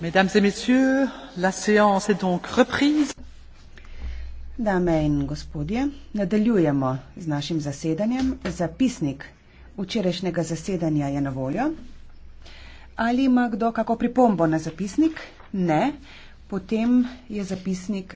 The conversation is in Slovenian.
mesdames et messieurs la séance est donc reprise dame in gospodje nadaljujemo z našim zasedanjem zapisnik včerajšnjega zasedanja je na voljo ali ima kdo kako pripombo na zapisnik ne potem je zapisnik